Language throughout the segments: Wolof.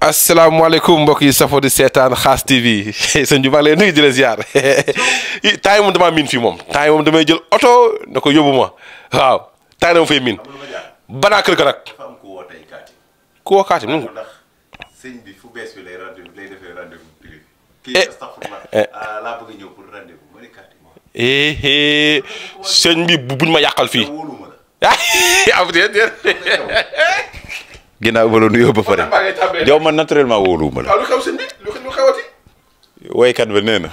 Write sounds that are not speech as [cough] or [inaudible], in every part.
asalaamaaleykum mbokk yi safo di seetaan xaas TV [laughs] sëñ bi [laughs] moom damay jël oto ma buñ ma yàqal fii. [laughs] ginnaaw ba la nuyoo ba pare. yow man naturellement wóoluwuma la. waaw lu ba nee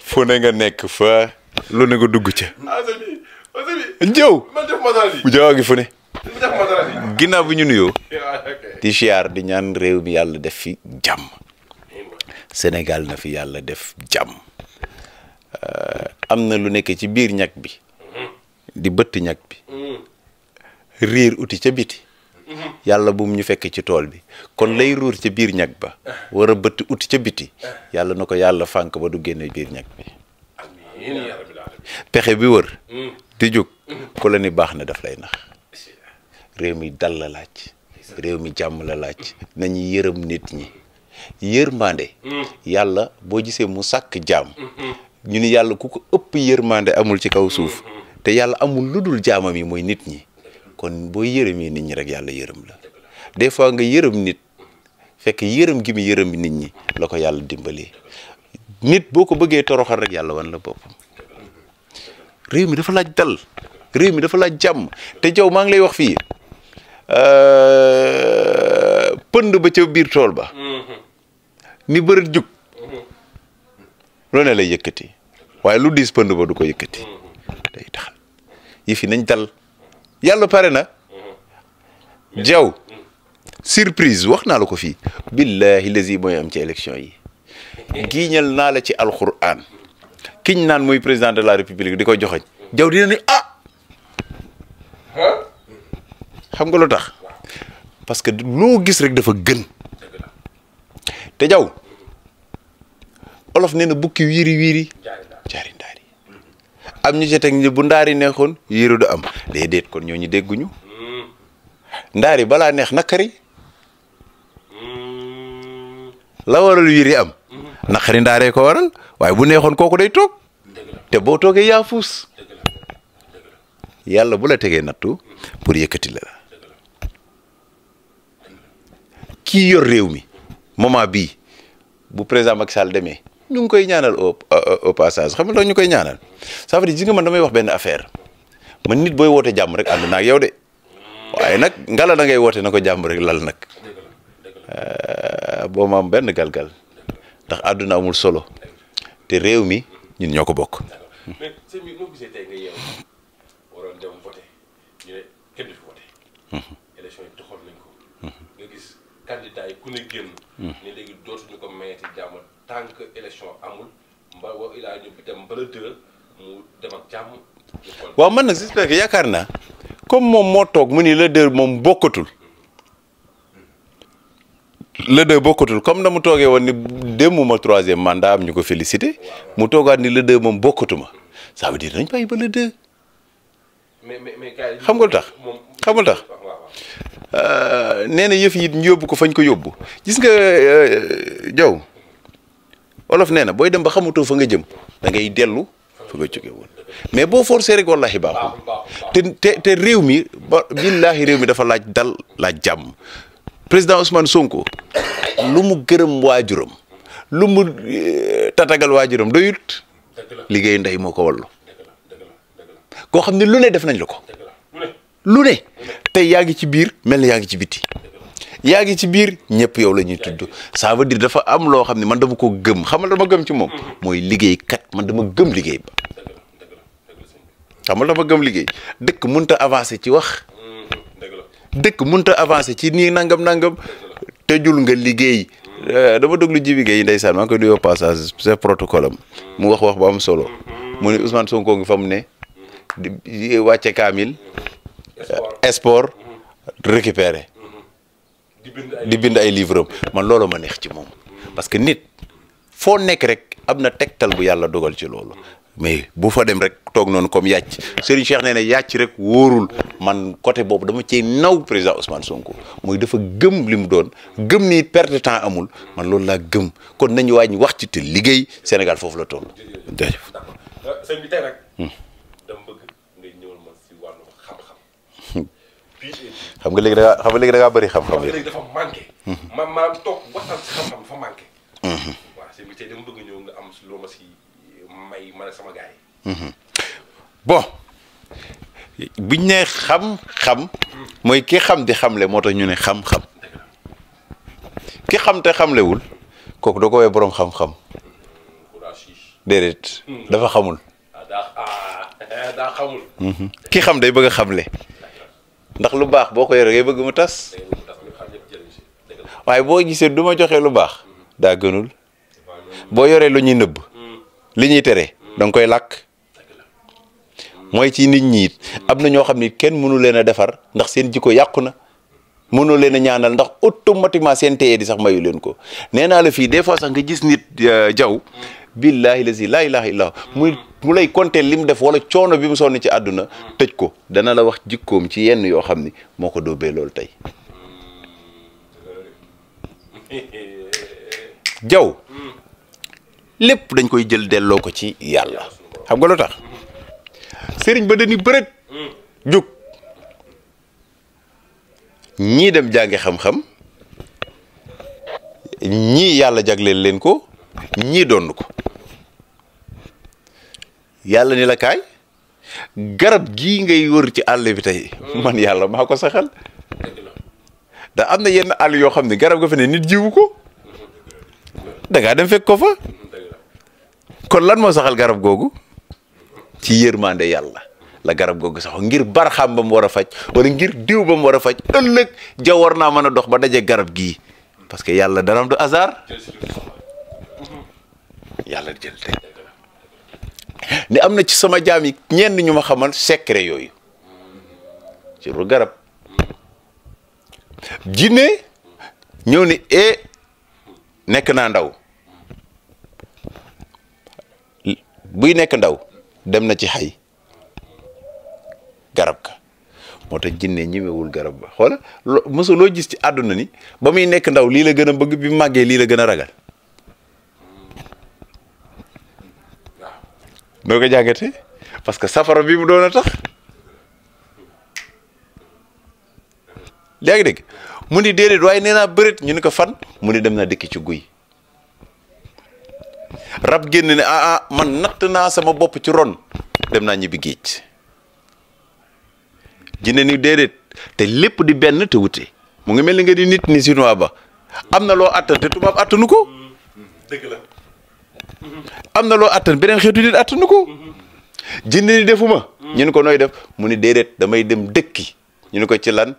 fu ne nga nekk fa lu ne nga dugg ca. Ah, njëw. Ah, jaww gi fu ne. ginnaaw bi ñu nuyoo. di siyaar di ñaan réew mi yàlla def fi jàmm. Sénégal na fi yàlla def jàmm. am na lu nekk ci biir ñag bi. Mm-hmm. di bëtt ñag bi. Mm. riir uti ca biti. yàlla bu ñu fekk ci tool bi kon lay ruur ca biir ñag ba war bëtt uti ca biti yàlla na ko yàlla fànk ba du génne biir ñag bi pexe bi wër mm. di jóg ku la ni baax na daf lay nax réew mi dal la laaj réew mi jàmm la laaj nañu yërëm nit ñi yërmande mm. yàlla boo gisee mu sàkk jaam mm, ñu ni yàlla ku ko ëpp yërmande amul ci kaw suuf te yàlla amul lu dul jaamam yi mooy nit ñi kon boo yërëmee nit ñi rek yàlla yërëm la des fois nga yërëm nit fekk yërëm gi mu yërëm nit ñi la ko yàlla dimbali nit boo ko bëggee toroxal rek yàlla wan la boppam réew mi dafa laaj dal réew mi dafa laaj jàmm te jaw maa ngi lay wax fii euh, pënd ba ca biir tool ba mm-hmm. ni bërit jug mm-hmm. loo ne lay yëkkati waaye lu diis pënd ba du ko yëkkati mm-hmm. day taxal yi fi nañ dal yàlla pare na. Mm-hmm. jaw mm. surprise wax naa la ko fii. billahi lazi mooy am ci élection yi. [laughs] giiñal naa la ci alquran. kiñ naan mooy président de la république di koy joxañ mm. jaw dina ni ah. xam nga lu tax parce que loo gis rek dafa gën te jaw olof nee na bukki wiiri wiiri am ñu ci teg ñi bu ndaari neexoon yiiru du am déedéet kon ñoo ñu dégguñu hmm. ndaari balaa neex nakari hmm. la waral wiiri am hmm. naqari ndaaree ko waral waaye bu neexoon kooku day toog te boo toogee yaa fuus yàlla bu la tegee nattu pour yëkkati la kii yor réew mi moment bi bu président Macky Sall demee ñu ngi koy ñaanal au euh, au passage xam nga ñu koy ñaanal ça veut dire gis nga man damay wax benn affaire man nit booy woote jàmm rek ànd naag yow de waaye nag ngala da ngay woote na ko jàmm rek lal nag euh, boo am benn galgal ndax àdduna amul solo te réew mi ñun ñoo ko bokk. mais candidat hmm. léegi dootuñu ko mayati jàmm que élection amul mba man nag j'espère que yaakaar naa comme moom moo toog mu ni la deux moom bokkatul. le deux bokkatul comme na mu toogee woon ni démuma troisième mandat am ñu ko félicité mu toogaat ni la deux moom bokkatuma ça veut dire dañ ba le deux. xam nga lu tax xam nga lu tax euh, na yëf yi ñu yóbbu ko fañ ko yóbbu gis nga Jaw euh, olof nee na booy dem ba xamatoo fa nga jëm da ngay dellu fa nga jóge mais boo forcé rek wallahi baaxul te te te réew mi ba billaahi réew mi dafa laaj dal laaj jàmm président Ousmane Sonko lu mu gërëm waajuram lu mu euh, tatagal waajuram doyut liggéey ndey moo ko wallu koo xam ne lu ne def nañ la ko lu ne tey yaa ngi ci biir mel na yaa ngi ci biti yaa ngi ci biir ñëpp yow la ñuy tudd saaba veut dafa am loo xam ne man dafa ko gëm xam la dama gëm ci moom mooy liggéey kat man dama gëm liggéey ba xamal dama gëm liggéey dëkk mënta avancer ci wax dëkk mun ta avancer ci nii nangam nangam tëjul nga liggéey euh, dama déglu Jibi Gueye ndeysaan maa ngi koy nuyoo passage c'est protocole mu wax wax bu am solo mu ne Ousmane Sonko ngi fa mu ne. di wàcce kaamil. sport mm-hmm. récupéré mm-hmm. di bind ay livre am man loolu ma neex ci moom mm-hmm. parce que nit foo nekk rek am na tegtal bu yàlla dogal ci loolu mais bu fa dem rek toog noonu comme yàcc Serigne Cheikh nee na yàcc rek wóorul man côté boobu dama ci naw président Ousmane Sonko mooy dafa gëm li mu doon gëm ni perte de temps amul man loolu laa gëm kon nañu wàññi wax ci te liggéey Sénégal foofu la tool xam nga léegi da xam nga léegi da bari bëri xam-xam yi. dafa manqué. Mhm. ma ma toog mhm. nga am si may man ak sama gars yi. Mhm. bon biñ nee xam-xam. mooy ki xam di xamle moo tax ñu ne xam-xam. ki xam te xamlewul kooku doo ko woowee borom xam-xam. Mm, déedéet. Mm. dafa xamul. Ah, ah, [laughs] daa xamul. ki xam day bëgg a xamle. ndax lu baax boo ko yore ngay bëgg mu tas waaye boo gisee du ma joxe lu baax daa gënul boo yoree lu ñuy nëbb li ñuy tere da koy làkk mooy ci nit ñi am na ñoo xam ni kenn mënu leen a defar ndax seen jikko yàqu na mënoo leen a ñaanal ndax automatiquement seen téye di sax mayu leen ko nee naa la fii des fois sax nga gis nit euh, jaw billaahi lazi laa ilaaha illaa muy mu lay compter lim def wala coono bi mu sonni ci àdduna tëj ko dana la wax jikkoom ci yenn yoo xam ni moo ko dóobee loolu tey jaw lépp dañ koy jël delloo ko ci yàlla xam nga lu tax sëriñ ba dañuy bërët jug ñii dem jàngi xam-xam ñii yàlla jagleel leen ko ñii doon ko yàlla ni la kaay garab gii ngay wër ci àll bi tey hmm. man yàlla maa ko saxal da am na yenn àll yoo xam ne garab ga fa ne nit jiwu ko da dem fekk ko fa kon lan moo saxal garab googu ci yërmande yàlla la garab googu sax ngir barxam ba mu war a faj wala ngir diw ba mu war a faj ëllëg ja war naa mën a dox ba daje garab gii parce que yàlla daram du hasard yàlla jël tey ni am na ci sama jaam yi ñenn ñu ma xamal secret yooyu ci ru garab jinne ñëw ni e nekk naa ndaw buy nekk ndaw dem na ci xay garab ka moo tax jinne ñimewul garab ba xool mësu loo gis ci àdduna ni ba muy nekk ndaw lii la gën a bëgg bi màggee lii la gën a ragal noo ko jàngate parce que safara bi mu doon a tax yaa ngi mu ni déedéet waaye nee naa bëreet ñu ni ko fan mu ni dem naa dëkk ci guy rab génn ne ah ah man natt naa sama bopp ci ron dem naa ñibbi géej jinne ni déedéet te lépp di benn te wute mu ngi mel ni nga di nit ni sinuwaa ba am na loo attan te tubaab attanu ko mm-hmm. la am na loo attan beneen xeetu nit attanu ko. jinne ni defuma. Mm. ñu ko nooy def mu ni déedéet damay dem dëkki ñu ne ko ci lan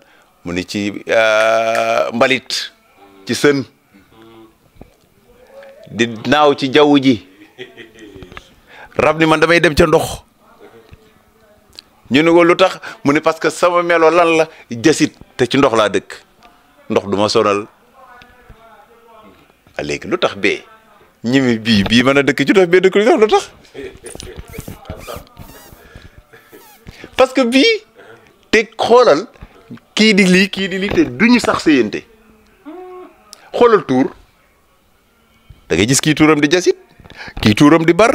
mu ni ci euh, mbalit ci sën di naaw ci jaww ji rab ni man damay dem ca ndox ñu ne ko lu tax mu ni parce que sama melo lan la jasit te ci ndox laa dëkk ndox duma ma sonal ah, léegi lu tax bee. ñimi bii bii mën a dëkk ci dof bee dëkk lu tax parce que bii teg xoolal kii di lii kii di lii te duñu sax séyante xoolal tuur da ngay gis kii tuuram di jasit kii tuuram di bar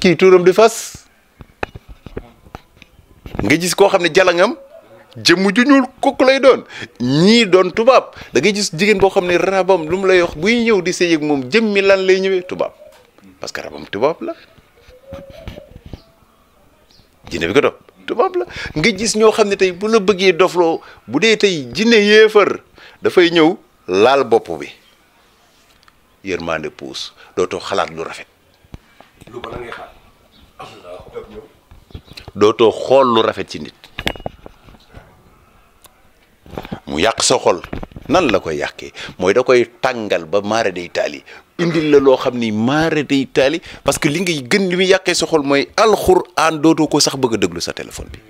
kii tuuram di fas nga gis koo xam ne jalangam jëmm ju ñuul kokk lay doon ñii doon tubaab da ngay gis jigéen boo xam ne rabam lu mu lay wax buy ñëw di sëy ak moom jëmmi lan lay ñëwee tubaab parce que rabam tubaab la jinne bi ko doon tubaab la nga gis ñoo xam ne tey bu la bëggee dofloo bu dee tey jinne yéefar dafay ñëw laal bopp bi yërmande puus dootoo xalaat lu rafet. lu bon xool lu rafet ci nit. mu yàq sa xol nan la koy yàqee mooy da koy tàngal ba maare day taali indil la loo xam ni maare taali parce que li ngay gën li muy yàqee sa xol mooy alxuraan dootoo ko sax bëgg a déglu sa téléphone bi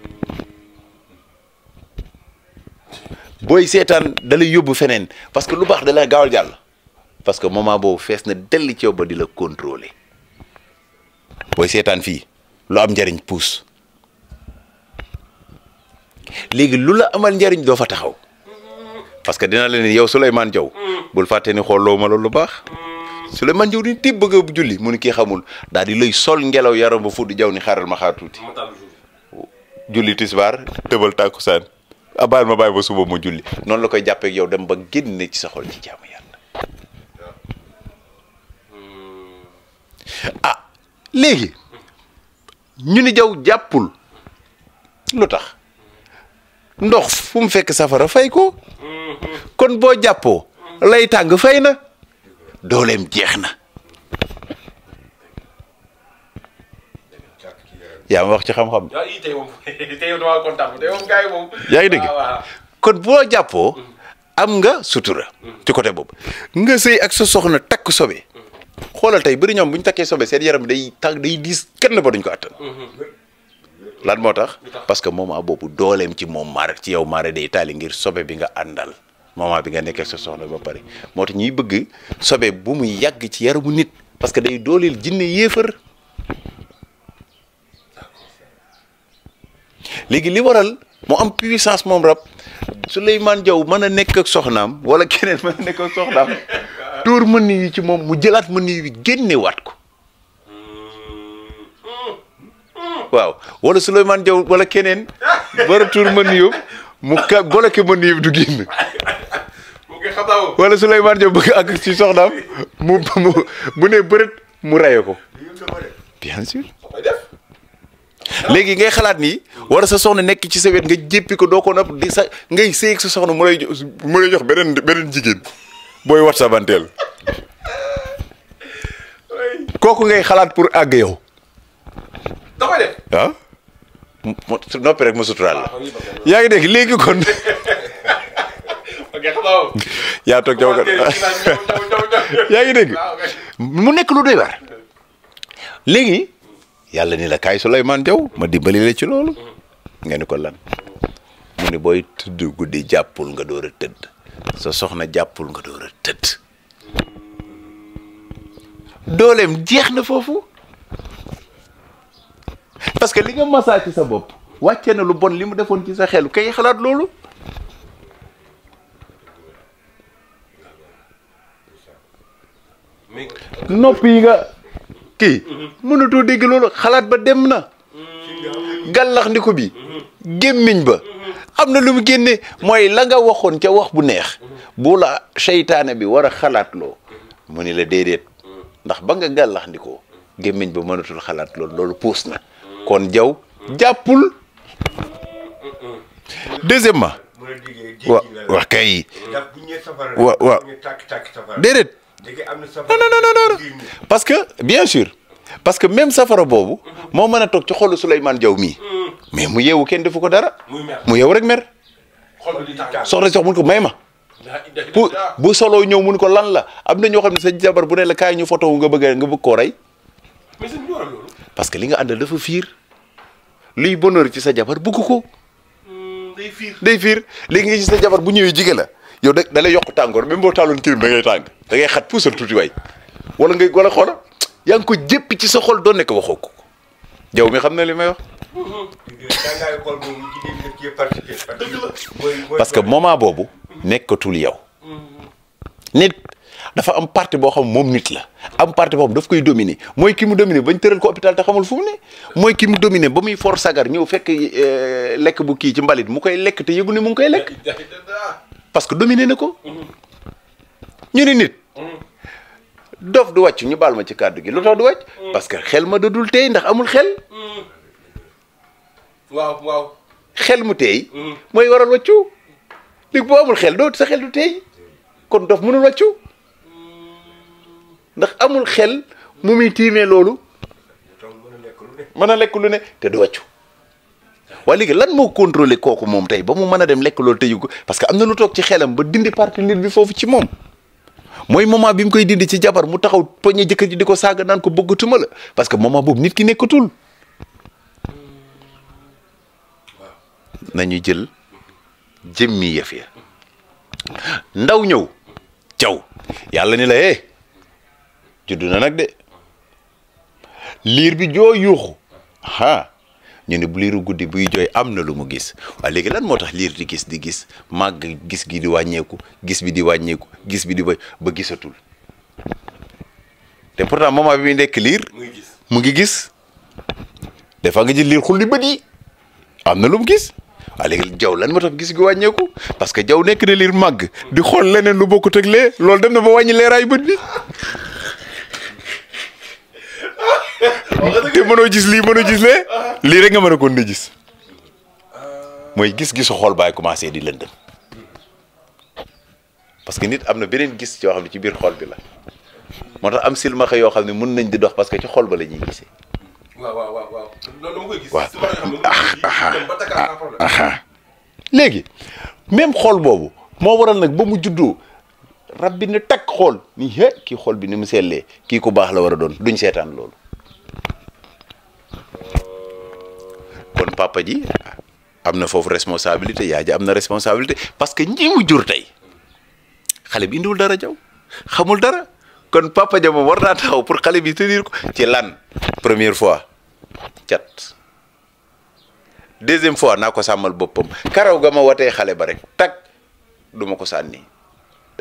booy seetaan dalay yóbbu feneen parce que lu baax dalay gaaw gaawal jàll parce que moment boobu fees na dell ci yow ba di la contrôler booy seetaan fii lu am njariñ puus léegi lu la amal njariñ doo fa taxaw parce que dina leen yow Souleymane Diaw mm. bul fàtte ni xooloo ma loolu lu baax mm. Souleymane Diaw ni ti bëgg a julli mu ni kii xamul daal di lay sol ngelaw yaram ba fudd jaw ni xaaral ma xaar tuuti julli tisbaar tëbal tàkkusaan abaal ah, ma bàyyi ba suba ma julli noonu la koy jàppee ak yow dem ba génne ci sa xol ci jaamu yàlla mm. ah léegi ñu ni jaw jàppul lu tax ndox fu mu fekk safara fay ko kon boo jàppoo lay tàng fay na dooleem jeex na yaa ma wax ci xam-xam yaa [laughs] ngi dégg kon boo jàppoo am nga sutura mm. ci côté boobu nga sëy ak sa soxna takk sobe xoolal tey bari ñoom bu ñu takkee sobe seen yaram day tàng day diis kenn ba duñ ko attan mm-hmm. lan moo tax parce que a boobu dooleem ci moom maare ci yow maare day taali ngir sobe bi nga àndal moment bi nga nekkee sa soxna ba pare moo tax ñuy bëgg sobe bu mu yàgg ci yaramu nit parce que day dooleel jinne yéefar léegi li waral mu am puissance moom rab Souleymane jaw mën a nekk ak soxnaam wala keneen mën a nekk ak soxnaam tuur mën yi ci moom mu jëlaat mën yi génnewaat ko waaw wala Souleymane jaw wala keneen war a tuur mën yóbbu mu ka bloqué mën yóbbu du génn. taw wala Souleymane Diop bëgg ak ci soxnaam mu mu mu ne bërët mu raye ko bien léegi ngay xalaat nii war sa soxna nekk ci sa wet nga jéppi ko doo ko nopp di sa ngay séy ak sa soxna mu lay jox beneen beneen jigéen booy wat sa banteel kooku ngay xalaat pour àgg yow. Ah? noppi rek ma suturaal la. Ah, yaa ngi léegi kon. [laughs] yaa toog jaw yaa ngi dégg mu nekk lu doy waar léegi yàlla ni la kaay Souleymane Diaw ma dimbali la ci loolu nga ni ko lan mu ni booy tëdd guddi jàppul nga door a tëdd sa soxna jàppul nga door a tëdd dooleem jeex na foofu parce que li nga masaa ci sa bopp wàccee na lu bon li mu defoon ci sa xel kay xalaat loolu nopp yi nga kii mënatoo dégg loolu xalaat ba dem na gàllax ndiku bi gémmiñ ba am na lu mu génne mooy la nga waxoon ca wax bu neex bu la seytaane bi war a xalaat loo mu ni la déedéet ndax ba nga gàllax ndikoo gémmiñ ba mënatul xalaat lool loolu puus na kon jaw jàppul deuxièmement wa wax kay wa wa déedéet non parce que bien sûr parce que même safara boobu moo mën a toog ci xolu Souleymane Diaw mii mm. mais mu yeewu kenn defu ko dara mu yeewu rek mer soxna sox mun ko may ma bu bu soloo ñëw mun ko lan la am na ñoo xam ne sa jabar bu ne la kaay ñu photo wu nga bëgg nga bëgg koo rey parce que li nga àndal dafa fiir luy bonheur ci sa jabar bëgg ko mm, day fiir day fiir nga ci sa jabar bu ñëwee jige la yow da da lay yokk tàngoor même boo taaloon kilim da ngay tàng da ngay xat puusal tuuti waay wala ngay wala xoola yaa ngi ko jéppi ci sa xol doon nekk waxoo ko jaw mi xam na li may wax. que moment boobu nekkatul yow. nit am parti boo xam moom nit la am parti boo xam daf koy dominer mooy ki mu dominer bañ tëral ko hôpital te xamul fu ne mooy ki mu dominer ba muy for sagar ñëw fekk euh, lekk bu kii ci mbalit mu koy lekk te yëgu ne mu ngi koy lekk. parce que dominé na ko. Mm-hmm. ñu ni nit. Mm-hmm. dof du wàcc ñu baal ma ci kàddu gi lu tax du wàcc. Mm-hmm. parce que xel ma dodul tey ndax amul xel. waaw xel mu mooy waral wàccu. léegi boo amul xel doo sa xel du tey kon dof mënul wàccu ndax amul xel mu muy tiimee loolu. mën a lekk lu ne te du wàccu. waa léegi lan moo contrôler kooku moom tey ba mu mën a dem lekk loolu tëju ko parce que am na lu toog ci xelam ba dindi partenaire bi foofu ci moom mooy moment bi mu koy dindi ci jabar mu taxaw poñe jëkkër ji di ko saaga naan ko bëggatuma la parce que moment boobu nit ki nekkatul nañu jël jëmmi yëf ndaw ñëw caw yàlla ni la eh juddu na nag de liir bi joo yuuxu ñu ne bu liiru guddi bu jooy am na lu mu gis waa léegi lan moo tax liir di gis di gis màgg gis gi di wàññeeku gis bi di wàññeeku gis bi di ba ba gisatul te pourtant moment bi muy nekk liir mu ngi gis des fois nga ji liir xul li bët yi am na lu mu gis waaye léegi jaw lan moo tax gis gi wàññeeku parce que jaw nekk na liir màgg di xool leen lu bokkut ak lee loolu dem na ba wàññi leeraayu bët bi te mënoo gis lii mënoo gis lee lii rek nga mën a kon di gis mooy gis-gisu xool baay commencé di lëndëm parce que nit am na beneen gis yoo xam ne ci biir xool bi la moo tax am silmaxa yoo xam ne mën nañ di dox parce que ci xool ba la ñuy gisee. waaw waaw waaw loolu dama koy ah, ah, ah, léegi même xool boobu moo waral nag ba mu juddoo rab bi ne takk xool ni he kii xool bi ni mu sellee kii ku baax la war a doon duñ seetaan loolu. paji ji am na foofu responsabilité yaay ji am na responsabilité parce que ñi jur tey xale bi indiwul dara jaw xamul dara kon papa ja moom war naa taxaw pour xale bi tenir ko ci lan première fois cat deuxième fois naa ko sàmmal boppam karaw ga ma watee xale ba rek tag duma ma ko sànni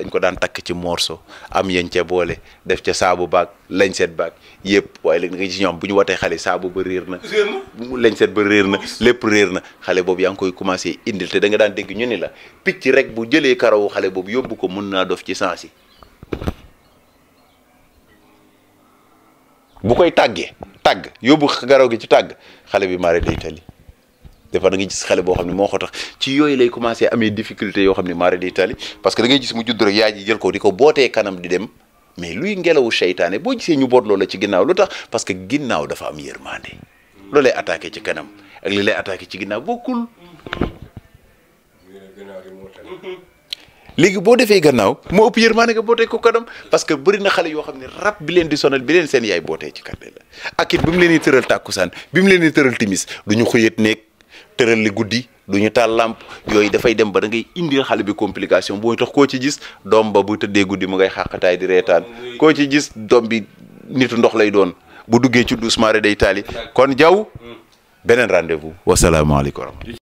dañ ko daan takk ci morso am yéen ca boole def ca saabu baag lañ set baag yëpp waaye léegi nga ci ñoom bu ñu watee xale saabu ba réer na lañ set ba réer na lépp réer na xale boobu yaa ngi koy commencé indil te da nga daan dégg ñu ni la picc rek bu jëlee karawu xale boobu yóbbu ko mun naa dof ci sens yi bu koy tàggee tàgg yóbbu garaw gi ci tàgg xale bi mari day tali des fois da ngay gis xale boo xam ne moo ko tax ci yooyu lay commencé amee difficulté yoo xam ne ma day tali parce que da ngay mu judd rek yaa jël ko di ko bootee kanam di dem mais luy ngelawu seytaane boo jisee ñu boot loola ci ginnaaw lu tax parce que ginnaaw dafa am yërmande loo lay attaqué ci kanam ak li lay attaqué ci ginnaaw bokkul. léegi boo defee gannaaw moo ëpp yërmaane nga bootee ko kanam parce que bëri na xale yoo xam ne rab bi leen di sonal bi leen seen yaay bootee ci kàdde la ak it bi mu leen di tëral tàkkusaan bi mu leen di tëral timis du ñu xëyat nekk tëral li guddi du ñu taal làmp yooyu dafay dem ba da ngay indil xale bi complication boo tax koo ci gis doom ba bu tëddee guddi mu ngay xàqataay di reetaan koo ci gis doom bi nitu ndox lay doon bu duggee ci doucement rek day taali kon jaw mm. beneen rendez-vous wasalaamaaleykum